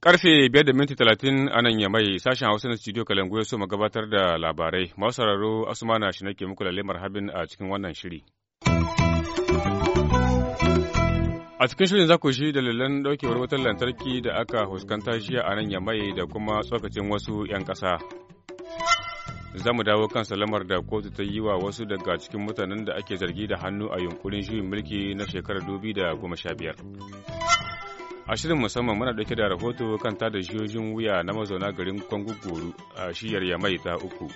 Karfe biyar da minti talatin a nan mai sashen Hausa na studio Kalangu ya so mu gabatar da labarai. Masu sauraro Asumana shi nake muku lalle marhabin a cikin wannan shiri. A cikin shirin za ku shi dalilan ɗaukewar wutar lantarki da aka fuskanta jiya a nan ya mai da kuma tsokacin wasu 'yan ƙasa. za mu dawo kan salamar da kotu ta yi wa wasu daga cikin mutanen da ake zargi da hannu a yunkurin juyin mulki na shekarar da goma sha biyar. a shirin musamman muna dauke da rahoto kan tada jiyojin wuya na mazauna garin kwangugoru a shiyar yamai ta uku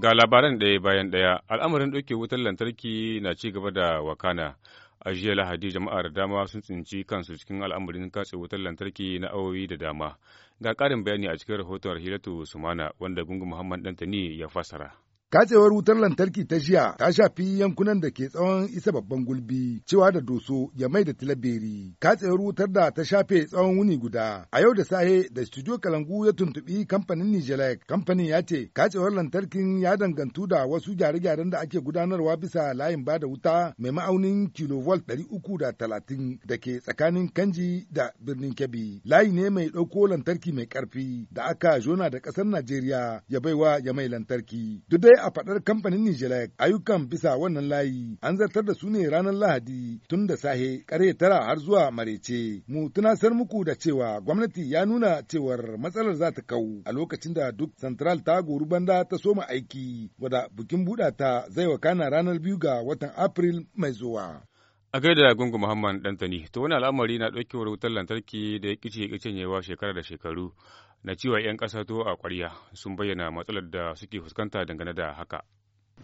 ga labaran ɗaya bayan ɗaya al'amarin ɗauke wutar lantarki na ci gaba da wakana a jiya lahadi jama'ar dama sun tsinci kansu cikin al'amarin katse wutar lantarki na awowi da dama Ga ƙarin bayani a cikin rahoton Rahilatu Sumana wanda Gungun Muhammad Dantani ya fassara. Katsewar wutar lantarki ta jiya ta shafi yankunan da ke tsawon isa babban gulbi cewa da doso ya mai da tilabiri Katsewar wutar da ta shafe tsawon wuni guda. A yau da sahe da studio Kalangu ya tuntuɓi kamfanin Nijelek. Kamfanin ya ce katsewar lantarkin ya dangantu da wasu gyare-gyaren da ake gudanarwa bisa layin bada wuta mai ma'aunin kilovolt ɗari uku da talatin da ke tsakanin Kanji da birnin Kebbi. Layi ne mai ɗauko lantarki mai ƙarfi da aka jona da ƙasar Najeriya ya baiwa ya mai lantarki. Duk dai a faɗar kamfanin Nijelek ayyukan bisa wannan layi an zartar da su ne ranar Lahadi tun da sahe ƙarfe tara har zuwa marece. Mu tunasar muku da cewa gwamnati ya nuna cewar matsalar za ta kau a lokacin da duk Central ta goru banda ta soma aiki wada bikin buɗa ta zai wakana ranar biyu ga watan April mai zuwa. A gaida gungu Muhammad Dantani, to wani al'amari na ɗaukewar wutar lantarki da ya kice kicinyewa shekara da shekaru na cewa 'yan ƙasa to a ƙwarya sun bayyana matsalar da suke fuskanta dangane da haka.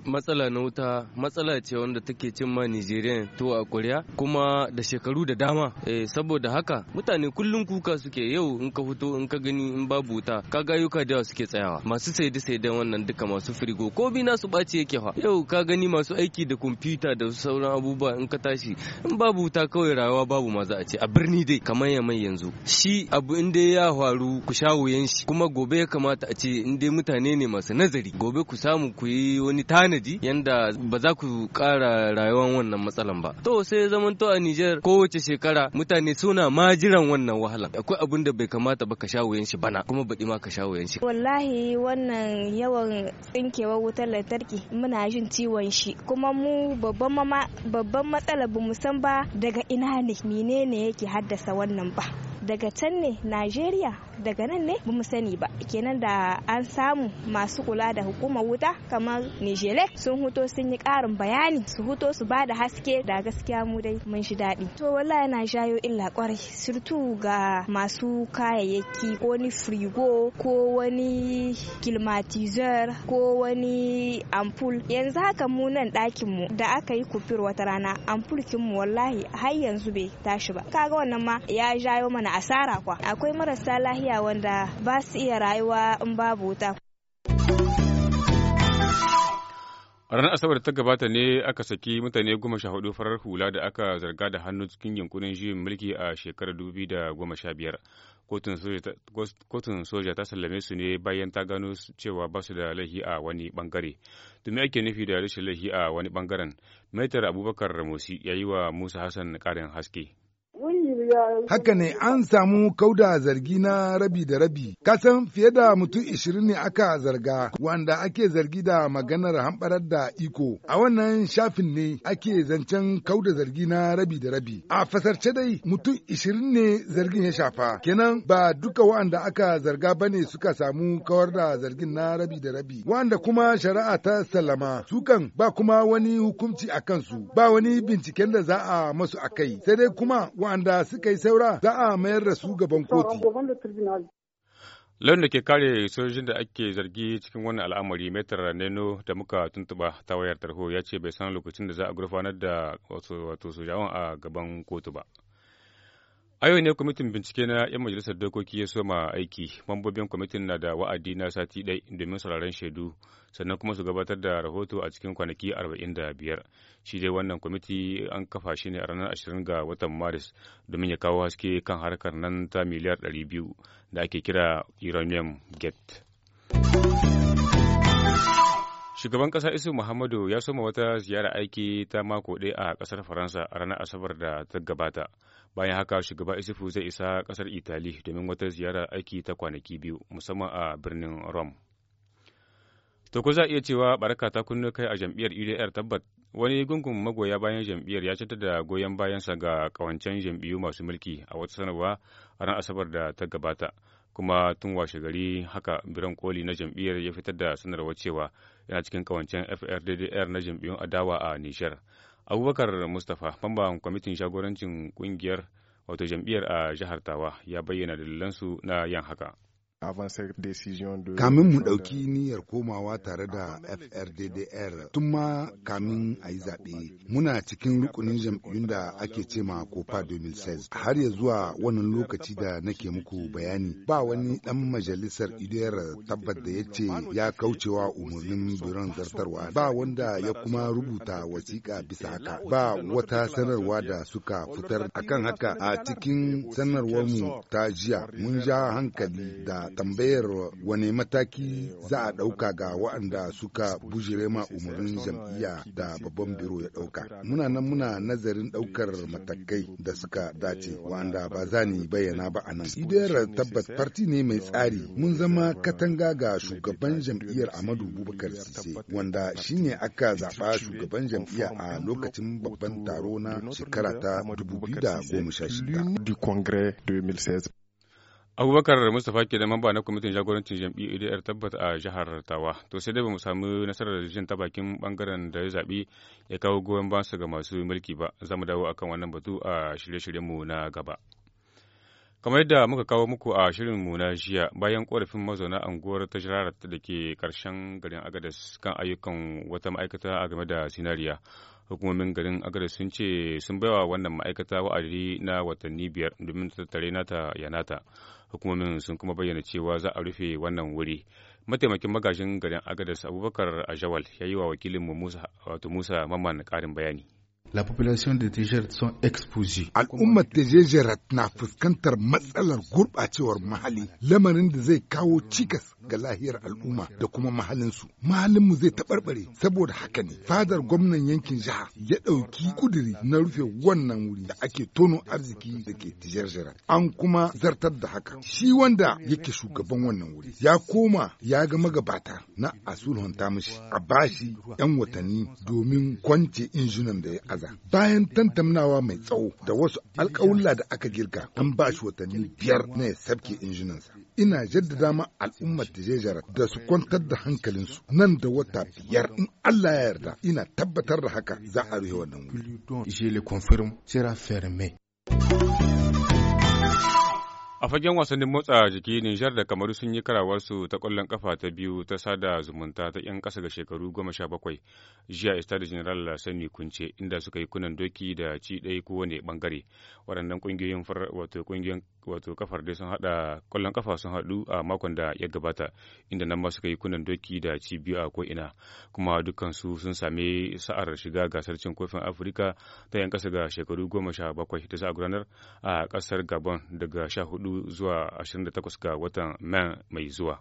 matsala na wuta matsala ce wanda take cin ma nigerian to a kuriya kuma da shekaru da dama eh, saboda haka mutane kullum kuka suke yau in ka fito in ka gani in babu wuta ka yuka da suke tsayawa masu saidi saidan wannan duka masu firigo ko bi nasu ɓaci yake fa yau ka gani masu aiki da kwamfuta da sauran abubuwa in ka tashi in babu wuta kawai rayuwa babu ma za a ce a birni dai kamar ya mai yanzu shi abu in dai ya faru ku sha wuyan shi kuma gobe ya kamata a ce in dai mutane ne masu nazari gobe ku samu ku yi wani tari tanadi yanda ba za ku ƙara rayuwar wannan matsalan ba to sai zaman to a Nijar kowace shekara mutane suna ma wannan wahalan akwai abin da bai kamata ba ka sha shi bana kuma baɗi ma ka sha wuyan shi wallahi wannan yawan tsinkewar wutar lantarki muna jin ciwon shi kuma mu babban babban matsala ba mu san ba daga ina ne menene yake haddasa wannan ba daga can ne najeriya daga nan ne bamu sani ba kenan da an samu masu kula da hukumar wuta kamar nijelek sun huto sun yi karin bayani su huto su ba da haske da gaskiya mu dai mun shi daɗi to wallahi yana jayo illa kwarai surtu ga masu kayayyaki ko ni frigo ko wani kilmatizer ko wani ampul yanzu haka mu nan ɗakin mu da aka yi kufir wata rana ampul mu wallahi har yanzu bai tashi ba kaga wannan ma ya jayo mana asara kwa akwai marasa lahiya wanda ba su iya rayuwa in babu wuta a ranar asabar da ta gabata ne aka saki mutane goma sha hudu farar hula da aka zarga da hannu cikin yankunan juyin mulki a shekarar dubu da goma sha biyar kotun soja ta sallame su ne bayan ta gano cewa ba su da laifi a wani bangare domin ake nufi da rashin laifi a wani bangaren maitar abubakar ramosi ya yi wa musa hassan karin haske Haka ne an samu kauda zargi na rabi da rabi. Kasan fiye da mutum ishirin ne aka zarga wanda ake zargi da maganar hamɓarar da iko. A wannan shafin ne ake zancen kauda zargi na rabi da rabi. A fasarce dai mutum ishirin ne zargin ya shafa. Kenan ba duka wa'anda aka zarga ba ne suka samu kawar da zargin na rabi da rabi. Wa'anda kuma shari'a ta sallama sukan ba kuma wani hukunci a kansu ba wani binciken da za a masu a kai. Sai dai kuma wa'anda su suka yi saura za a mayar da su gaban kotu. Lauyan da ke kare sojojin da ake zargi cikin wannan al'amari metar Neno da muka tuntuba ta wayar tarho ya ce bai san lokacin da za a gurfanar da wato sojawan a gaban kotu ba. A yau ne kwamitin bincike na 'yan majalisar dokoki ya soma aiki. Mambobin kwamitin na da wa'adi na sati ɗai domin sauraron shaidu sannan kuma su gabatar da rahoto a cikin kwanaki 45. Shi dai wannan kwamiti an kafa shi ne a ranar 20 ga watan Maris domin ya kawo haske kan harkar nan ta miliyar 200 da ake kira uranium Gate. Shugaban ƙasa Isu Muhammadu ya soma wata ziyara aiki ta mako ɗaya a ƙasar Faransa a ranar Asabar da ta gabata. Bayan haka shugaba Isufu zai isa ƙasar Itali domin wata ziyara aiki ta kwanaki biyu musamman a birnin Rome. To ku za iya cewa baraka ta kunno kai a jam'iyyar UDR tabbat wani gungun magoya bayan jam'iyyar ya cutar da goyon bayansa ga kawancen jam'iyyu masu mulki a wata sanarwa ranar Asabar da ta gabata. kuma tun washe gari haka biran koli na jam'iyyar ya fitar da sanarwa cewa yana cikin kawancen FRDDR na jam'iyyun adawa a Nijar. Abubakar Mustapha, bamban kwamitin shagorancin kungiyar wato jam'iyyar a jihar Tawa ya bayyana dalilansu na yan haka. Kamin mu ɗauki niyyar komawa tare da FRDDR tun ma kamin a yi zaɓe muna cikin rukunin jam'iyyun da ake ce ma COPA 2006 har ya zuwa wannan lokaci da nake muku bayani ba wani ɗan majalisar idiyar tabbat da ya ce ya kaucewa umarnin biron zartarwa ba wanda ya kuma rubuta wasiƙa bisa haka ba wata sanarwa da suka fitar akan haka a cikin sanarwar mu ta jiya mun ja hankali da tambayar wane mataki za a ɗauka ga waɗanda suka bujire ma umarnin jam'iyya da babban biro ya ɗauka. Muna nan muna nazarin ɗaukar matakai da suka dace waɗanda ba za ni bayyana ba a nan. Idayar tabbas farti ne mai tsari mun zama katanga ga shugaban jam'iyyar Amadu Bubakar Sise wanda shine aka zaɓa shugaban jam'iyya a lokacin babban taro na shekara ta 2016. abubakar mustapha ke da mamba na kwamitin jagorancin jam'iyyar idr tabbat a jihar tawa to sai dai bamu samu nasarar jin ta bakin bangaren da ya zaɓi ya kawo goyon basa ga masu mulki ba za mu dawo akan wannan batu a shirye-shiryenmu na gaba kamar yadda muka kawo muku a shirin shirinmu na jiya bayan korafin mazauna anguwar ta da ke karshen garin agadas kan ayyukan wata ma'aikata a game da sinariya hukumomin garin agadez sun ce sun baiwa wannan ma'aikata wa'adi na watanni biyar domin tattare nata ya nata hukumomin sun kuma bayyana cewa za a rufe wannan wuri mataimakin magajin garin agadez abubakar ajawal ya yi wa wakilin musa mamman karin bayani La population de Tijerat sont exposées. de Tijerat na fuskantar matsalar gurɓacewar mahali. lamarin da zai kawo cikas ga lahiyar al'umma da kuma mahalin su. mahalin mu zai taɓarɓare saboda haka ne fadar gwamnan yankin jiha ya ɗauki kudiri na rufe wannan wuri da ake tono arziki da ke Tijerat. An kuma zartar da haka. Shi wanda yake shugaban wannan wuri ya koma ya ga magabata na Asulhon mishi a bashi 'yan watanni domin kwance injinan da ya Bayan tantamnawa mai tsawo da wasu alƙawulla da aka girka an ba shi watanni biyar na ya sabke injinansa. Ina jaddada ma al'ummar Tijejara da su kwantar da hankalinsu nan da wata biyar in Allah ya yarda ina tabbatar da haka za a rufe wannan wuri. Je le A fagen wasannin motsa jiki Nijar da Kamaru sun yi karawarsu ta kwallon kafa ta biyu ta sada zumunta ta 'yan kasa ga shekaru goma sha bakwai jiya da General Sani Kunce inda suka yi kunan doki da ci ɗaya kowane ɓangare. Waɗannan ƙungiyoyin wato ƙungiyoyin wato kafar dai sun haɗa ƙwallon kafa sun haɗu a makon da ya gabata inda nan ma suka yi kunan doki da ci biyu a ko'ina kuma dukkansu sun sami sa'ar shiga gasar cin kofin Afirka ta 'yan kasa ga shekaru goma sha bakwai da za a gudanar a ƙasar Gabon daga sha hudu 24 zuwa 28 ga watan mai zuwa.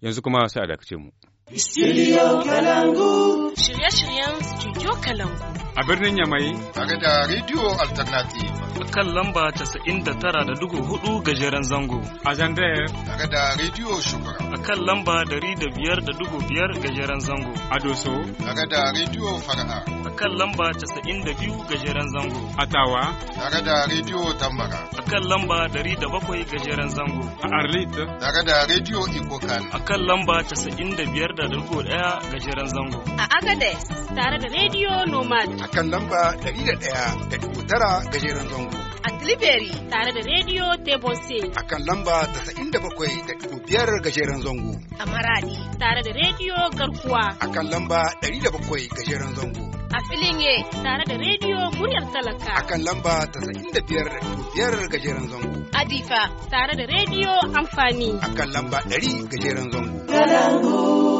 Yanzu kuma sai a dakace mu. Studio Kalangu. Shirye-shiryen Studio Kalangu. A birnin Yamai. Tare da Radio Alternative. A Kan lamba 99.4 gajeren zango. A Zandaya. Tare da Radio Shugaba. A kan lamba 105.5 gajeren zango. A Doso. Tare da Radio Fara'a. A kan lamba 92 gajeren zango. A Tawa. Tare da Radio Tambara. A kan lamba 107 gajeren zango. A Arlit. Tare da Radio Ikokan. A kan lamba 95 da dirko daya gajeren zango. A Agades tare da Radio Nomad. A kan lamba dari da daya da dubu tara gajeren zango. A Tilibiri tare da Radio Tebose. A kan lamba tasa'in da bakwai da dubu biyar gajeren zango. A Maradi tare da Radio Garkuwa. A kan lamba dari da bakwai gajeren zango. a filin tare da rediyo muryar talaka a kan lamba ta sa'in da biyar biyar gajeren zango adifa tare da rediyo amfani a kan lamba ɗari gajeren zango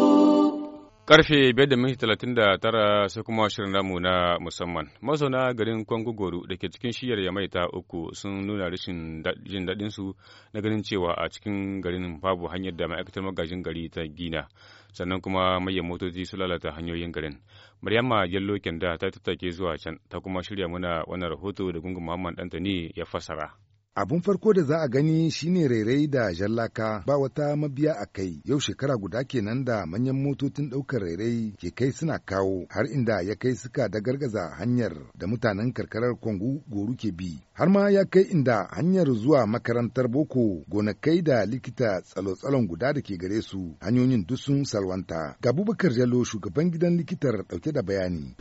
Karfe biyar da minti talatin da tara sai kuma shirin namu na musamman. Mazauna garin Kwangugoru da ke cikin shiyar ya ta uku sun nuna rashin jin daɗinsu na ganin cewa a cikin garin babu hanyar da ma'aikatar magajin gari ta gina. Sannan kuma mayan motoci su lalata hanyoyin garin. Maryama Yallo Kenda ta tattake zuwa can ta kuma shirya mana wannan rahoto da gungun Muhammad Dantani ya fassara. Abun farko da za a gani shine rairai da jallaka ba wata mabiya a kai yau shekara guda kenan da manyan motocin ɗaukar rairai ke kai suna kawo har inda ya kai suka da gargaza hanyar da mutanen karkarar kwangu goru ke bi. har ma ya kai inda hanyar zuwa makarantar boko gonakai da likita tsalo-tsalon guda da ke gare su hanyoyin duk sun salwanta ga abubakar jalo shugaban gidan likitar dauke da bayani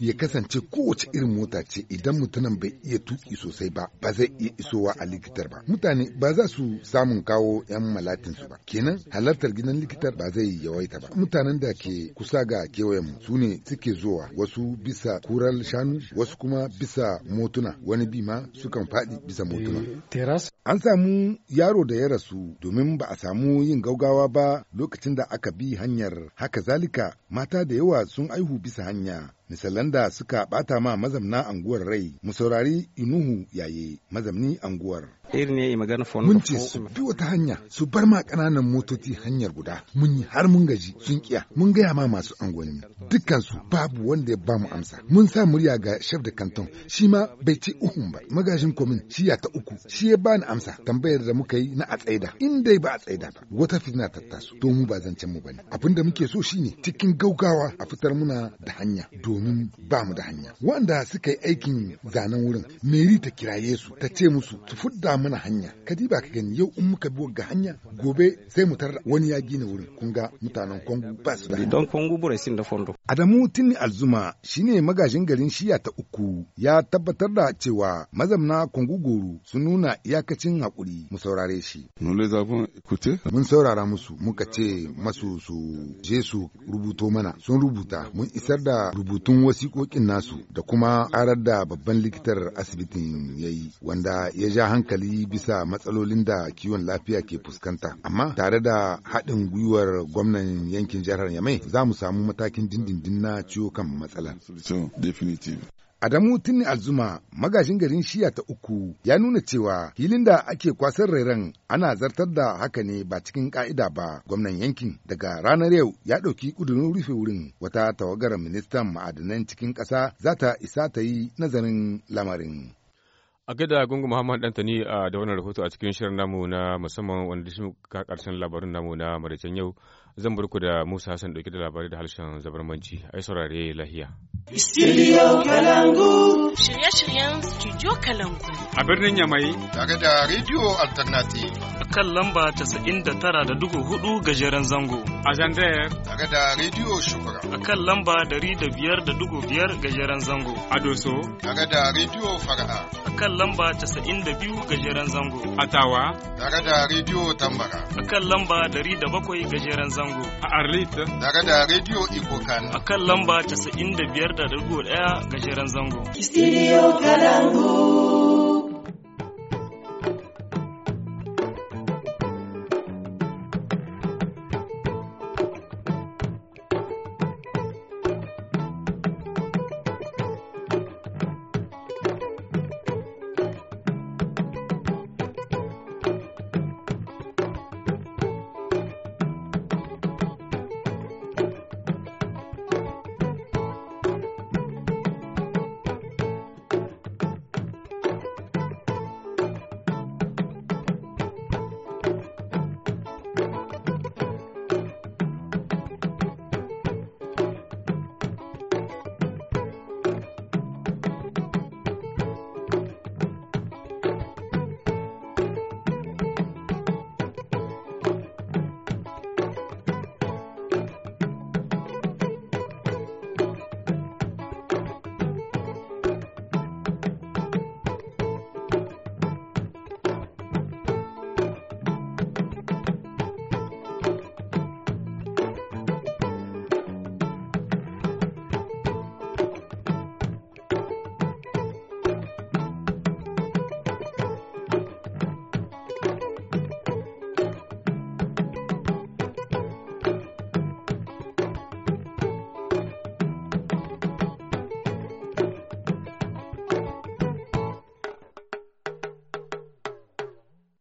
ya kasance kowace irin mota ce idan mutumin bai iya tuki sosai ba ba zai iya isowa a likitar ba mutane ba za su samun kawo yan malatinsu ba kenan halartar gidan likitar ba zai yawaita ba mutanen da ke kusa ga kewayen su ne suke zuwa wasu bisa kural shanu wasu kuma bisa motuna wani bi ma sukan faɗi bisa motuna. Eh, An samu yaro da ya rasu domin ba a samu yin gaugawa ba lokacin da aka bi hanyar. Haka zalika mata da yawa sun aihu bisa hanya. Misalan da suka ɓata ma mazamna anguwar rai, mu saurari Inuhu yaye mazamni anguwar. Mun ce su bi wata hanya su bar ma ƙananan motoci hanyar guda. Mun yi har mun gaji sun kiya mun gaya ma masu angwani. dukansu babu wanda ya bamu amsa mun sa murya ga chef de canton shi ma bai ci uhun ba magajin komin shi ya ta uku shi ya bani amsa tambayar da muka yi na a tsaida in dai ba a tsaida ba wata fitina ta taso to mu ba zancen mu bane abin da muke so shine cikin gaugawa a fitar muna da hanya domin bamu da hanya wanda suka yi aikin zanen wurin meri ta kiraye su ta ce musu su fudda mana hanya ba ka gani yau in muka bi ga hanya gobe sai mu tar wani ya gina wurin kun ga mutanen Kongo ba su da don Kongo burasin da fondo Adamu Tini Alzuma shine magajin garin shiya ta uku ya tabbatar da cewa mazamna Kwangugoro sun nuna iyakacin haƙuri mu saurare shi. Mun saurara musu muka ce masu su je su rubuto mana sun rubuta mun isar da rubutun wasiƙoƙin nasu da kuma ƙarar da babban likitar asibitin ya yi wanda ya ja hankali bisa matsalolin da kiwon lafiya ke fuskanta amma tare da haɗin gwiwar gwamnan yankin jihar Yamai za mu samu matakin dindin madindin ciwo kan matsalar. Adamu Tinni Alzuma magashin garin shiya ta uku ya nuna cewa filin da ake kwasar rairan ana zartar da haka ne ba cikin ka'ida ba gwamnan yankin daga ranar yau ya ɗauki ƙudurin rufe wurin wata tawagar ministan ma'adanan cikin kasa za ta isa ta yi nazarin lamarin. A gada gungun Muhammad Dantani a da wannan rahoto a cikin shirin namu na musamman wanda shi karshen labarin namu na maraicen yau zan bar ku da Musa Hassan dauke da labari da harshen zabarmanci ai saurare lahiya Studio Kalangu shirye-shiryen Studio Kalangu a birnin Yamai tare da Radio Alternative kan lamba 99.4 gajeren zango a Zandayar tare da Radio Shukura a kan lamba 105.5 gajeren zango a Doso tare da Radio Fara'a a kan lamba 92 gajeren zango a Tawa tare da Radio Tambara a kan lamba 107 gajeren zango zango a Arlita. Eh? Daga da Radio kano. A kan lamba 95.1 gajeren zango. Studio Kalangu.